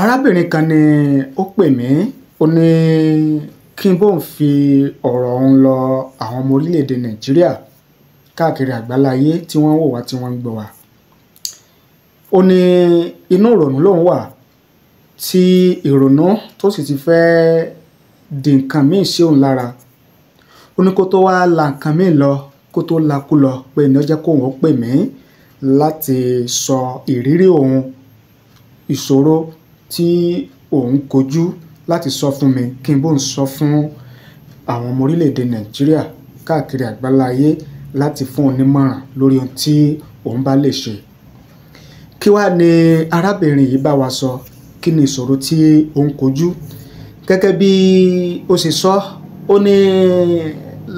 arábìnrin kan ni ó pè mí ó ní kí n bóun fi ọ̀rọ̀ ọ̀hún lọ àwọn ọmọ orílẹ̀-èdè nàìjíríà káàkiri àgbáláyé tí wọ́n ń wò wá tí wọ́n ń gbọ́ wá ó ní inú ìrònú lòun wà tí ìrònú tó sì ti fẹ́ di nǹkan míì sí òun lára ó ní kó tó wá la nǹkan míì lọ kó tó lakú lọ pé ní ó jẹ́ kóun ó pè mí láti sọ ìrírí òun ìṣòro tí òun kojú láti sọ fún mi kí n bóun sọ fún àwọn ọmọ orílẹ̀-èdè Nàìjíríà káàkiri àgbáláyé láti fún òun lórí ohun tí òun bá lè ṣe. Kí wá ni arábìnrin yìí bá wa sọ? Kí ni ìṣòro tí ó ń kojú? Gẹ́gẹ́ bí ó ṣe sọ, ó ní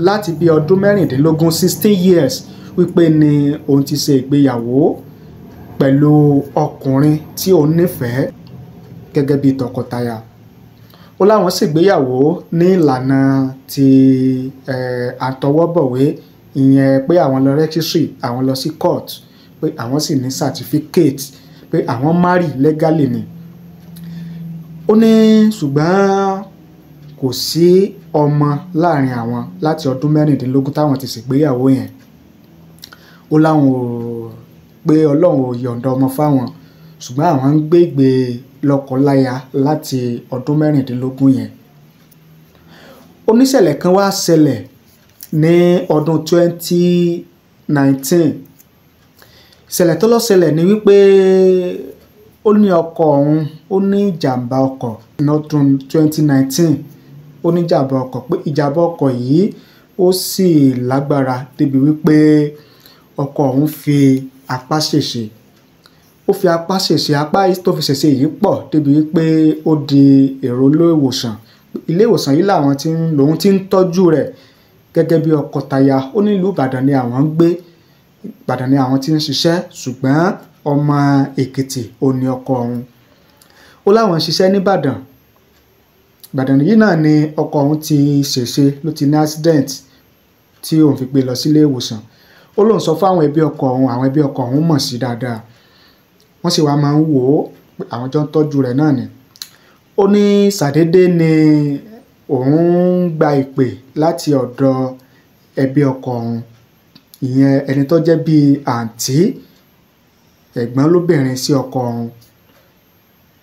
láti bí ọdún mẹ́rìndínlógún sixteen years wípé ni òun ti ṣe ìgbéyàwó pẹ̀lú ọkùnrin tí òun nífẹ̀ẹ́ gẹ́gẹ́ bí tọkọtaya ó láwọn ṣègbéyàwó ní ìlànà ti àtọwọ́bọ̀wé ìyẹn pé àwọn lọ rẹ́kísírì àwọn lọ sí court pé àwọn sì ní certificate pé àwọn marry legally ni ó ní ṣùgbọ́n kò sí ọmọ láàrin àwọn láti ọdún mẹ́rìndínlógún táwọn ti ṣègbéyàwó yẹn ó láwọn ò pé ọlọ́run ò yọ̀ǹda ọmọ fáwọn ṣùgbọ́n àwọn ń gbégbé lọ́kọláya láti ọdún mẹ́rìndínlógún yẹn oníṣẹ̀lẹ̀ kan wá ṣẹlẹ̀ ní ọdún 2019 ìṣẹ̀lẹ̀ tó lọ ṣẹlẹ̀ ni wípé ó ní ọkọ ọ̀hún ó ní ìjàmbá ọkọ̀ lọ́dún 2019 ó ní ìjàmbá ọkọ̀ pé ìjàmbá ọkọ̀ yìí ó sì lágbára débi wípé ọkọ ọ̀hún fi apá ṣèṣe ó fi apá ṣèṣe apá tó fi ṣèṣe yìí pọ̀ débi wípé ó di èrò ilé ìwòsàn ilé ìwòsàn yìí làwọn tí ń lòun ti ń tọ́jú rẹ̀ gẹ́gẹ́ bí ọkọ taya ó nílùú Ìbàdàn ni àwọn ń gbé Ìbàdàn ni àwọn ti ń ṣiṣẹ́ ṣùgbọ́n ọmọ Èkìtì ò ní ọkọ ọ̀hún ó láwọn ń ṣiṣẹ́ nìbàdàn Ìbàdàn yìí náà ni ọkọ ọ̀hún ti ṣèṣe ló ti ní accident tí òun fi gbé lọ sílé ìwòsàn ó lóun sọ fún ẹbí ọkọ ọ̀hún àwọn ẹbí ọkọ ọ̀hún mọ̀ sí dáadáa wọ́n sì wá máa ń wò ó àwọn tó ń tọ́jú rẹ̀ náà ni ó ní ṣàdédé ni òun ń gba ìpè láti ọ̀dọ̀ ẹbí ọkọ òun ìyẹn ẹni tó jẹ́ bíi àǹtí ẹ̀gbọ́n lóbìnrin sí ọkọ òun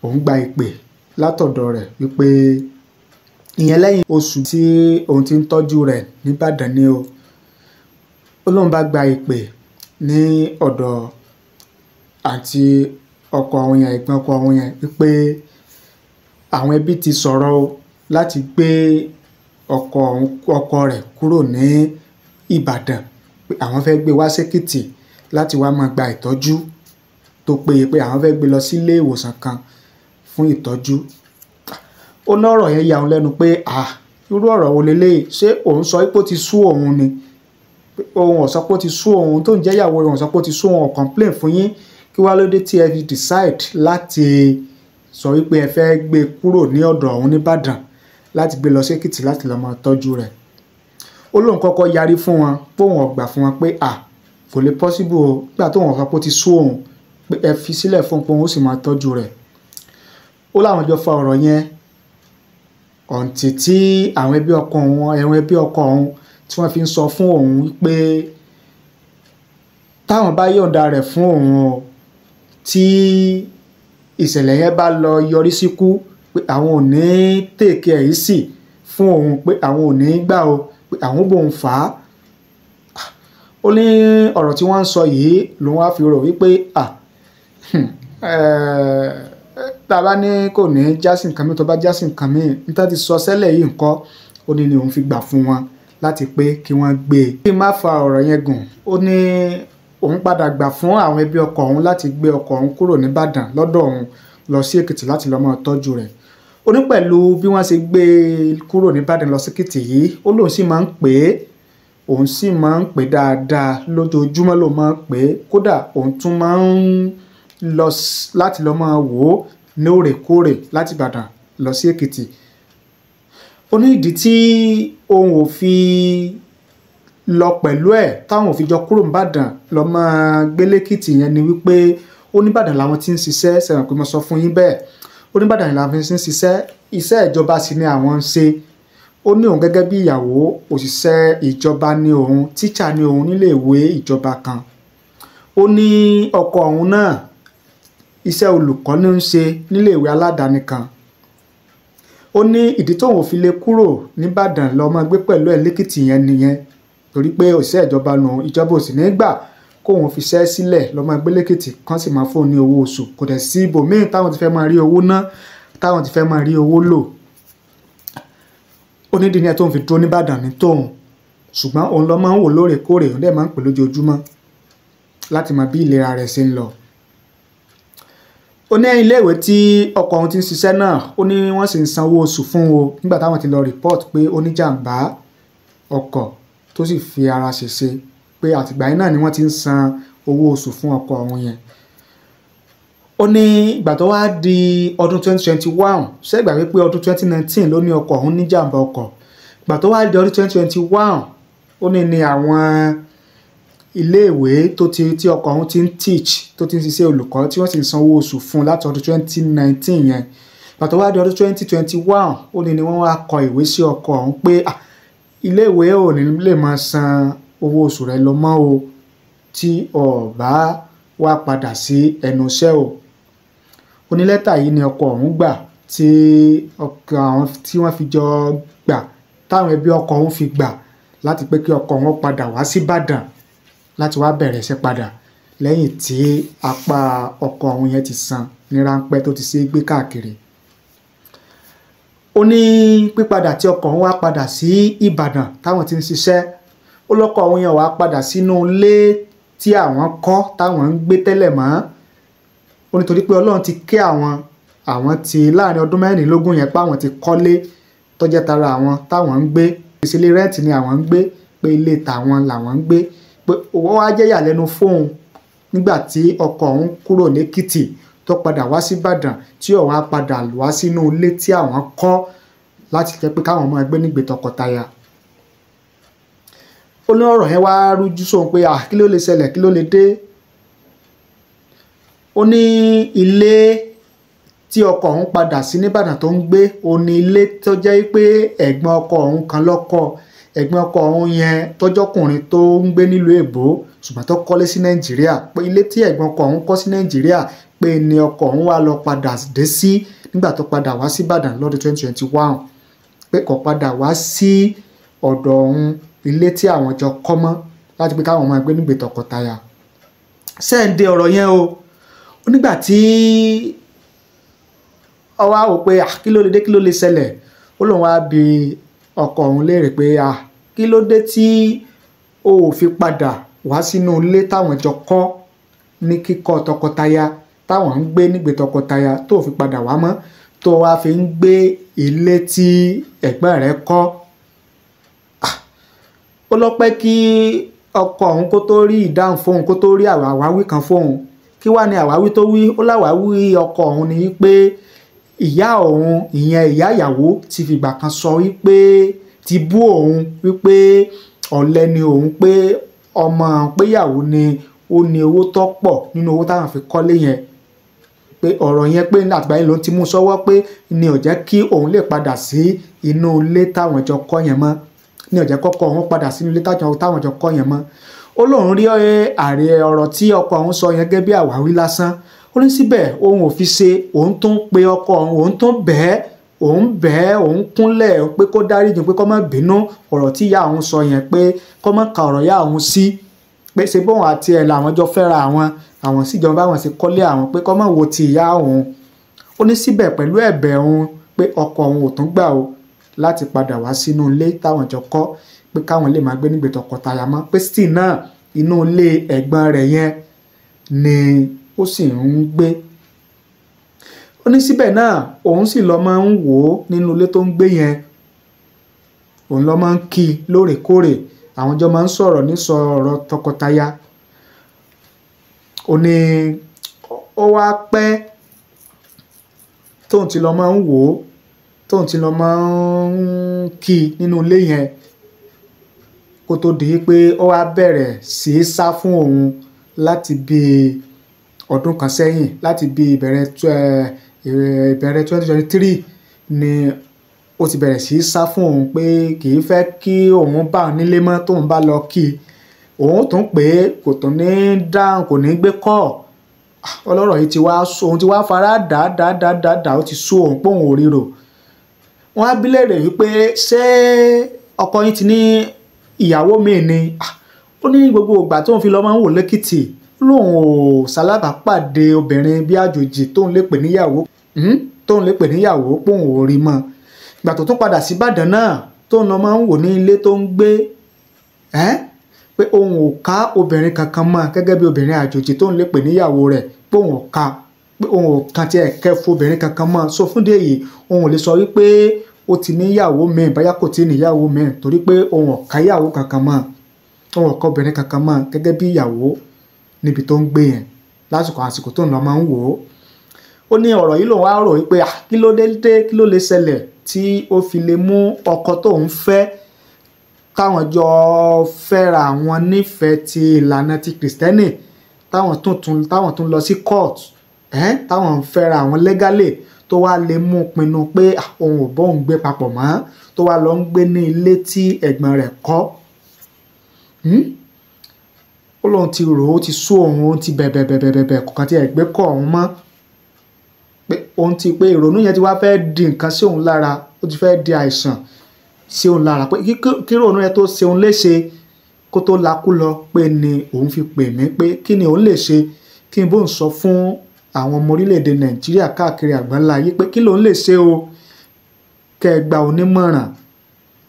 òun gba ìpè látọ̀dọ̀ rẹ̀ wípé ìyẹn lẹ́yìn oṣù tí òun ti ń tọ́jú rẹ̀ nìbàdàn ni o ó lóun bá gba ìpè ní ọ̀dọ̀ àti ọkọ àwọn yẹn ẹ̀gbọ́n ọkọ àwọn yẹn wípé àwọn ẹbí ti sọ̀rọ̀ o láti gbé ọkọ ọkọ rẹ̀ kúrò ní Ìbàdàn pé àwọn fẹ́ gbé wá sékìtì láti wá máa gba ìtọ́jú tó péye pé àwọn fẹ́ gbé lọ sílé ìwòsàn kan fún ìtọ́jú ó lọ́rọ̀ yẹn yà òun lẹ́nu pé ah irú ọ̀rọ̀ wo leléyìí ṣé òun sọ pé ó ti sú òun ni òun ò sọ pé ó ti sú òun tó ń jẹ́ ìyàwó rẹ̀ òun sọ pé ó ti sú òun ò complain fún yín kí wá ló dé tí ẹ fi decide láti sọ wípé ẹ fẹ́ gbé e kúrò ní ọ̀dọ̀ ọ̀hún nìbàdàn láti gbé lọ sí èkìtì láti lọ́ọ́ máa tọ́jú rẹ̀ ó lóun kọ́kọ́ yarí fún wọn póun ọgbà fún wọn pé à kò lè possible o gbà tóun ọ̀fà pó ti sú òun pé ẹ fi sílẹ̀ fún un pé òun ó sì máa tọ́jú rẹ̀ ó láwọn jọ fa ọ̀rọ̀ yẹn ọ̀ǹtì tí àwọn ẹbí ọkọ òun ẹ̀wọ̀n ẹbí ọkọ òun tí wọ́n fi ń sọ fún òun pé táwọn bá yọ̀ǹda rẹ̀ fún òun o tí ìṣẹ̀lẹ̀ yẹn bá lọ yọrí síkú pé àwọn ò ní tèkè ẹ̀ yìí sì fún òun pé àwọn ò ní gbà o pé àwọn bòun fà á ah, ó ní ọ̀rọ̀ tí wọ́n ń sọ yìí lòun á fi rò wípé à tá a bá ní kò ní jásìn kan mi tó bá jásìn kan mi níta ti sọ sẹ́lẹ̀ yìí nǹkan ó ní ni òun fi gbà fún wọn láti pé kí wọ́n gbé e. kí n má fa ọ̀rọ̀ yẹn gùn ó ní òun padà gbà fún àwọn ẹbí ọkọ òun láti gbé ọkọ òun kúrò nìbàdàn lọ́dọ̀ òun lọ sí èkìtì láti lọ́mọ tọ́jú rẹ̀ ó ní pẹ̀lú bí wọ́n ṣe gbé e kúrò nìbàdàn lọ sí èkìtì yìí ó lóun sì máa ń pè é òun sì máa ń pè é dáadáa lójoojúmọ́ ló máa ń pè é kódà òun tún máa ń lọ láti lọ́mọ wò ó lóòrèkóòrè láti ìbàdàn lọ sí èkìtì ó ní ìdí tí òun ò fi lọ pẹ̀lú ẹ̀ táwọn ò fi jọ kúrò nìbàdàn lọ mọ́ gbélékìtì yẹn ni wípé oníbàdàn làwọn ti ń ṣiṣẹ́ sẹ̀ràn pé mo sọ fún yín bẹ́ẹ̀ oníbàdàn làwọn ti ń ṣiṣẹ́ iṣẹ́ ìjọba sì ni àwọn ń ṣe ó ní òun gẹ́gẹ́ bí ìyàwó òṣìṣẹ́ ìjọba ni òun tíṣà ni òun nílé ìwé ìjọba kan ó ní ọkọ òun náà iṣẹ́ olùkọ́ ní ń ṣe nílé ìwé aládàáni kan ó ní ìdí tóun ò fi lè kúrò nìbàdàn lọ́mọ gbé pẹ̀lú ẹ̀ lẹ́kìtì yẹn nìyẹn torí pé òṣìṣẹ́ ìjọba nu ìjọba òsì ní gbà kóun fi ṣẹ́ sílẹ̀ lọ́mọ ẹgbẹ́lẹ́kìtì kan sì máa fóun ní owó oṣù kò dẹ̀ sí ibòmíì táwọn ti fẹ́ máa rí owó ná táwọn ti fẹ́ máa rí owó lò onídìní ẹ̀ tó ń fi dúró nìbàdàn ní tóun ṣùgbọ́n òun lọ́ máa ń wò lóòrèkóòrè òun dẹ̀ máa ń pè lójoojúmọ́ láti mọ bí ìlera rẹ̀ ṣe ń lọ ó ní iléèwé tí ọkọ òun ti ń ṣiṣẹ́ náà ó ní wọ́n sì ń sanwó oṣù fún o nígbà táwọn ti lọ rìpọ́ọ̀tì pé ó ní jàǹbá ọkọ̀ tó sì fi ara ṣèṣe pé àtìgbà yìí náà ni wọ́n ti ń san owó oṣù fún ọkọ òun yẹn ó ní ìgbà tó wá di ọdún 2021 ṣẹ́gbà wípé ọdún 2019 ló ní ọkọ òun níjàmbá ọkọ̀ ìgbà tó wá di ọdún 2021 ó ní ní àwọn iléèwé tó ti tí ọkọ òun ti ń teach tó ti ń ṣiṣẹ́ olùkọ́ tí wọ́n sì ń sanwó oṣù fún láti ọdún 2019 yẹn ìgbà tó wá di ọdún 2021 ó ní ni wọ́n wá kọ ìwé sí ọkọ òun pé ah iléèwé ò ní lè máa san owó oṣù rẹ lọ mọ́ o tí o bá wá padà sí ẹnu iṣẹ́ o onílẹ́tà yìí ni ọkọ ọ̀hún gbà tí ọkọ àwọn tí wọ́n fi jọ gbà táwọn ẹbí ọkọ ọ̀hún fi gbà láti pé kí ọkọ ọ̀hún padà wá sí Ìbàdàn láti wá bẹ̀rẹ̀ iṣẹ́ padà lẹ́yìn tí apá ọkọ ọ̀hún yẹn ti san ní ráńpẹ́ tó ti ṣe é gbé káàkiri ó ní pípadà tí ọkọ̀ wọn wá padà sí Ìbàdàn táwọn ti ń ṣiṣẹ́ ó lọ́kọ̀ àwọn èèyàn wá padà sínú ilé tí àwọn kọ́ táwọn ń gbé tẹ́lẹ̀ mọ́ ó nítorí pé Ọlọ́run ti kẹ́ àwọn àwọn ti láàrin ọdún mẹ́rìnlélógún yẹn pé àwọn ti kọ́lé tọ́jẹ́ tara àwọn táwọn ń gbé ìṣẹ̀lẹ̀ rẹ́ǹtì ni àwọn ń gbé pé ilé tàwọn làwọn ń gbé pé owó wá jẹ́ ìyàlẹ́nu fóun nígbà tí ọkọ òun kúrò lẹ́kìtì tó padà wá sí Ìbàdàn tí ó wá padà wá sínú ilé tí àwọn kọ́ láti jẹ́ pé káwọn máa gbé nígbè tọkọtaya ó ní ọ̀rọ̀ yẹn wá rújú sóhun pé ah kí ló lè ṣẹlẹ̀ kí ló lè dé ó ní ilé tí ọkọ òun padà sí nìbàdàn tó ń gbé ó ní ilé tó jẹ́ pé ẹ̀gbọ́n ọkọ òun kan lọ́kọ ẹ̀gbọ́n ọkọ òun yẹn tọ́jọ́kùnrin tó ń gbé nílùú èbó ṣùgbọ́n tó kọ́lé sí nàìjíríà pé ilé tí ẹ̀gbọ́n ọkọ òun kọ́ sí nàìjíríà pé ni ọkọ̀ ń wá lọ padà dé sí nígbà tó padà wá sí Ìbàdàn lọ́dún 2021 pé kò padà wá sí ọ̀dọ̀ ọ̀hún ilé tí àwọn jọ kọ́ mọ́ láti pé káwọn máa gbé nígbè tọkọtaya sẹ́ǹdé ọ̀rọ̀ yẹn o nígbà tí ọwọ́ àwò pé kí ló lè dé kí ló lè ṣẹlẹ̀ ó lóun wá bi ọkọ òun léèrè pé kí ló dé tí o ò fi padà wá sínú ilé táwọn jọ kọ́ ní kíkọ́ tọkọtaya táwọn ń gbé nígbè tọkọtaya tó fi padà wá mọ́ tó wá fi ń gbé ilé tí ẹ̀gbọ́n rẹ̀ kọ́ ah, ó lọ́pẹ́ kí ọkọ òun kó tó rí ìdáhùn fóun kó tó rí àwáwí kan fóun kí wá ní àwáwí tó wí ó láwáwí ọkọ òun ni wípé ìyá òun ìyẹn ìyá ìyàwó ti fìgbà kan sọ wípé ti bú òun wípé ọ̀lẹ ni òun pé ọmọ péyàwó ni ó ní owó tó pọ̀ nínú owó táwọn fi kọ́lé yẹn pé ọ̀rọ̀ yẹn pé àgbà yẹn ló ti mú sọ́wọ́ pé ni ò jẹ́ kí òun lè padà sí inú ilé táwọn jọ kọ́ yẹn mọ́ ni ò jẹ́ kọ́kọ́ òun padà sínú ilé táwọn jọ kọ́ yẹn mọ́ ó lóun rí ààrẹ ọ̀rọ̀ tí ọkọ òun sọ yẹn gẹ́gẹ́ bí àwáwí lásán ó ní síbẹ̀ òun ò fi ṣe òun tó ń pe ọkọ òun òun tó ń bẹ́ẹ̀ òun bẹ́ẹ̀ òun kúnlẹ̀ pé kó dáríjì pé kó má bínú ọ̀rọ̀ tí ìyá òun sọ yẹn pé kó má ka ọ̀rọ̀ ìyá òun sí pé ṣe bóun àti ẹ̀ làwọn jọ fẹ́ra àwọn àwọn síjọba àwọn sì kọ́lé àwọn pé kọ́mọ̀ wo ti ìyá òun ó ní síbẹ̀ pẹ̀lú ẹ̀bẹ̀ òun pé ọkọ òun ò tún gbà o láti padà wá sínú ilé táwọn jọ kọ́ pé káwọn lè máa gbé nígbè tọkọtaya mọ́ pé still náà inú ilé ẹ̀gbọ́n rẹ̀ yẹn ni ó sì ń gbé ó ní síbẹ̀ náà òun sì lọ máa ń wò ó nínú ilé tó ń gbé yẹn òun lọ máa ń kí i lóòrèkóòrè àwọn jọ máa ń sọ̀rọ̀ ní sọ̀rọ̀ tọkọtaya ó ní ó wá pẹ́ tóun ti lọ máa ń wò ó tóun ti lọ máa ń kí i nínú ilé yẹn kó tó di pé ó wá bẹ̀rẹ̀ sí í sá fún òun láti bí ọdún kan sẹ́yìn láti bí ìbẹ̀rẹ̀ ìbẹ̀rẹ̀ twenty twenty three ni ó ti bẹ̀rẹ̀ sí í sá fún òun pé kì í fẹ́ kí òun bá òun nílé mọ́ tóun bá lọ kí i òun tún pé kò tún ní dáhùn kò ní gbé kọ́ ah, ọlọ́rọ̀ yìí ti wá òun ti wá fara dà dà dà dà dà ó ti sú òun pé òun ò ríro wọ́n á bi léèrè wípé ṣé ọkọ yín ti ní ìyàwó mi ni ah, ó ní gbogbo ìgbà tóun fi lọ máa ń wò lẹ́kìtì lóun ò ṣalábàápàdé obìnrin bí àjòjì tóun lè pè níyàwó hmm? tóun lè pè níyàwó póun ò mọ́ ọ ìgbà tó tún padà sí Ìbàdàn náà tó ń lọ máa ń wò ní ilé tó ń gbé pé òun ò ká obìnrin kankan mọ́ gẹ́gẹ́ bí obìnrin àjòjì tó ń lè pè níyàwó rẹ̀ pé òun ò ká pé òun ò kàn tiẹ̀ kẹ́ fún obìnrin kankan mọ́ so fún dé yìí òun ò lè sọ wípé ó ti níyàwó míì báyà kò tí ì níyàwó míì torí pé òun ò ká ìyàwó kankan mọ́ òun ò ká obìnrin kankan mọ́ gẹ́gẹ́ bí ìyàwó níbi tó ń gbé yẹn lásìkò àsìkò tó ń máa ń wò ó ó ní ọ̀rọ̀ yìí lòun á rò wípé kí ló dé dé kí ló lè ṣẹlẹ̀ tí ó fi lè mú ọkọ tóun fẹ́ táwọn jọ fẹ́ra àwọn nífẹ̀ẹ́ ti ìlànà ti kìrìsìtẹ́nì táwọn tuntun táwọn tún lọ sí court eh? táwọn fẹ́ra àwọn lẹ́gálè tó wá lè mú pinnu pé ah, òun ò bóun gbé papọ̀ mọ́ tó wá lọ ń gbé ní ilé tí ẹ̀gbọ́n rẹ̀ kọ́ hmm? ó lóun ti rò ó ti sú òun ó ti bẹ̀bẹ̀bẹ̀bẹ̀bẹ̀ kọ̀ọ̀kan tí ẹ̀gbẹ́ kọ́ òun mọ́ pé òun ti pé ìrònú yẹn ti wá fẹ́ di nǹkan sí òun lára ó ti fẹ́ di àìsàn sí òun lára pé kí ìrònú yẹn tó ṣe òun léṣe kó tó lakú lọ pé ni òun fi pè mí pé kí ni òun lè ṣe kí n bóun sọ fún àwọn ọmọ orílẹ̀-èdè nàìjíríà káàkiri àgbáńlá yìí pé kí lòun lè ṣe o kẹ́ ẹ gba onímọ̀ràn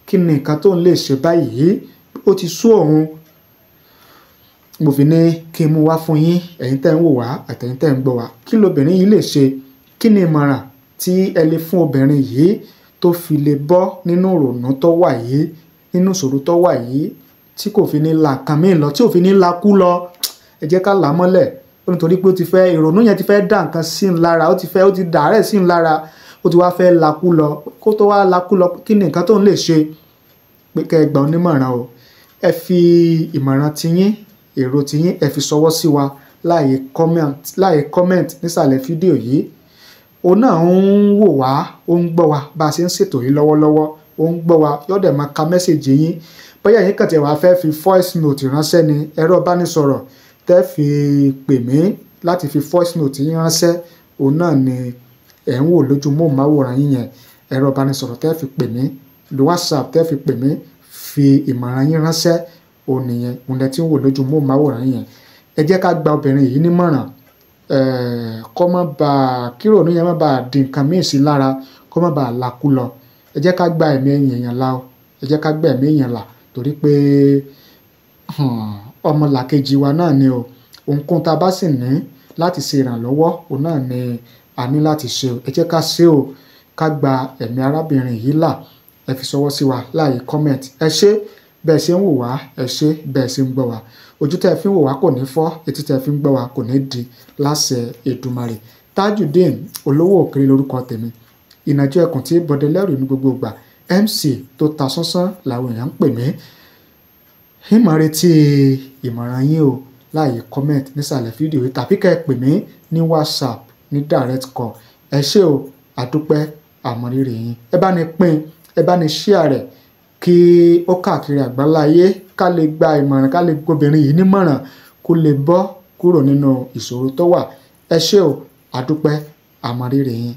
kí ni nǹkan tóun lè ṣe báyìí ó ti sú òun mo fi ní kí n mú wá fún yín ẹ̀yin tẹ́ ń wò wá àtẹ̀yin tẹ́ ń gbọ́ wá kí lobìnrin yìí lè ṣe kí ni ìmọ̀ràn tí ẹ lè fún obìnrin yìí tó fi lè bọ́ nínú ìrònú tó wà yìí nínú ìṣòro tó wà yìí tí kò fi ní la nǹkan míì lọ tí ò fi ní la kú lọ ẹ jẹ́ ká là á mọ́lẹ̀ ó nítorí pé ó ti fẹ́ ìrònú yẹn ti fẹ́ dà nǹkan sí ń lára ó ti fẹ́ ó ti dàárẹ̀ sí ń lára ó ti wá fẹ́ la kú lọ kó tó wá la kú lọ kí ni nǹkan tó ń lè ṣe pé kẹ́ ẹ gbà onímọ̀ràn o ẹ fi ìmọ̀ràn tiyín èrò tiyín ẹ fi ṣọwọ́ sí wa láàyè comment láàyè comment nísàlẹ̀ fídíò yìí òun náà ń wò wá ó ń gbọ́ wa bá a ṣe ń ṣètò yìí lọ́wọ́lọ́wọ́ ó ń gbọ́ wa yóò dẹ̀ máa ka mẹ́sàgì yín bóyá yín kàn tẹ̀ wá fẹ́ fi voice note ránṣẹ́ ni ẹ̀rọ ìbánisọ̀rọ̀ tẹ́ fi pè mí láti fi voice note yín ránṣẹ́ òun náà ni ẹ̀ ń wò lójú móhùnmáwòrán yín yẹn ẹ̀rọ ìbánisọ̀rọ̀ tẹ́ fi pè mí lo whatsapp tẹ́ fi pè mí fi ìmọ̀ràn yín ránṣẹ́ òun nìyẹn òun lẹ ti ń wò lójú móhùnmáwòrán yín yẹn ẹ jẹ́ ká gba obìnrin yìí nímọ̀ràn Eh, kọ́ má bà á kírònú yẹn má bà á di nǹkan míì sí lára kọ́ má bà á lakú lọ ẹ jẹ́ ká gba ẹ̀mí èèyàn la o ẹ jẹ́ ká gba ẹ̀mí èèyàn là torí pé hmm, ọmọlàkejì wa náà ni o ohunkóhun tá a bá sì ní láti ṣe ìrànlọ́wọ́ òun náà ni a ní láti ṣe o ẹ jẹ́ ká ṣe o ká gba ẹ̀mí arábìnrin yìí là ẹ fi ṣọwọ́ sí wa láàyè comment ẹ ṣé bẹ́ẹ̀ ṣe ń wò wá ẹ ṣe bẹ́ẹ̀ ṣe ń gbọ́ wá ojú tẹ́ fi ń wò wá kò ní fọ́ etí tẹ́ fi ń gbọ́ wá kò ní di láṣẹ Èdùmàrè Tajudeen olówó òkèrè lórúkọ tèmi ìnàjọ ẹkùn tí bọdẹlẹrù ní gbogbo ìgbà MC tó ta sánsán làwọn èèyàn ń pè mí ìmọ̀ retí ìmọ̀ràn yín o láàyè comment nísàlẹ̀ fídíò yìí tàbí kẹ́ ẹ pè mí ní WhatsApp ní direct call ẹ ṣé o àdúpẹ́ àmọ̀rírì yín ẹ bá ní pín ẹ bá ní share rẹ̀ kí ó káàkiri àgbáláyé ká lè gba ìmọ̀ràn ká lè gbobìnrin yìí nímọ̀ràn kó lè bọ́ kúrò nínú ìṣòro tó wà ẹ ṣé o àdúpẹ́ àmọ̀rírì yín.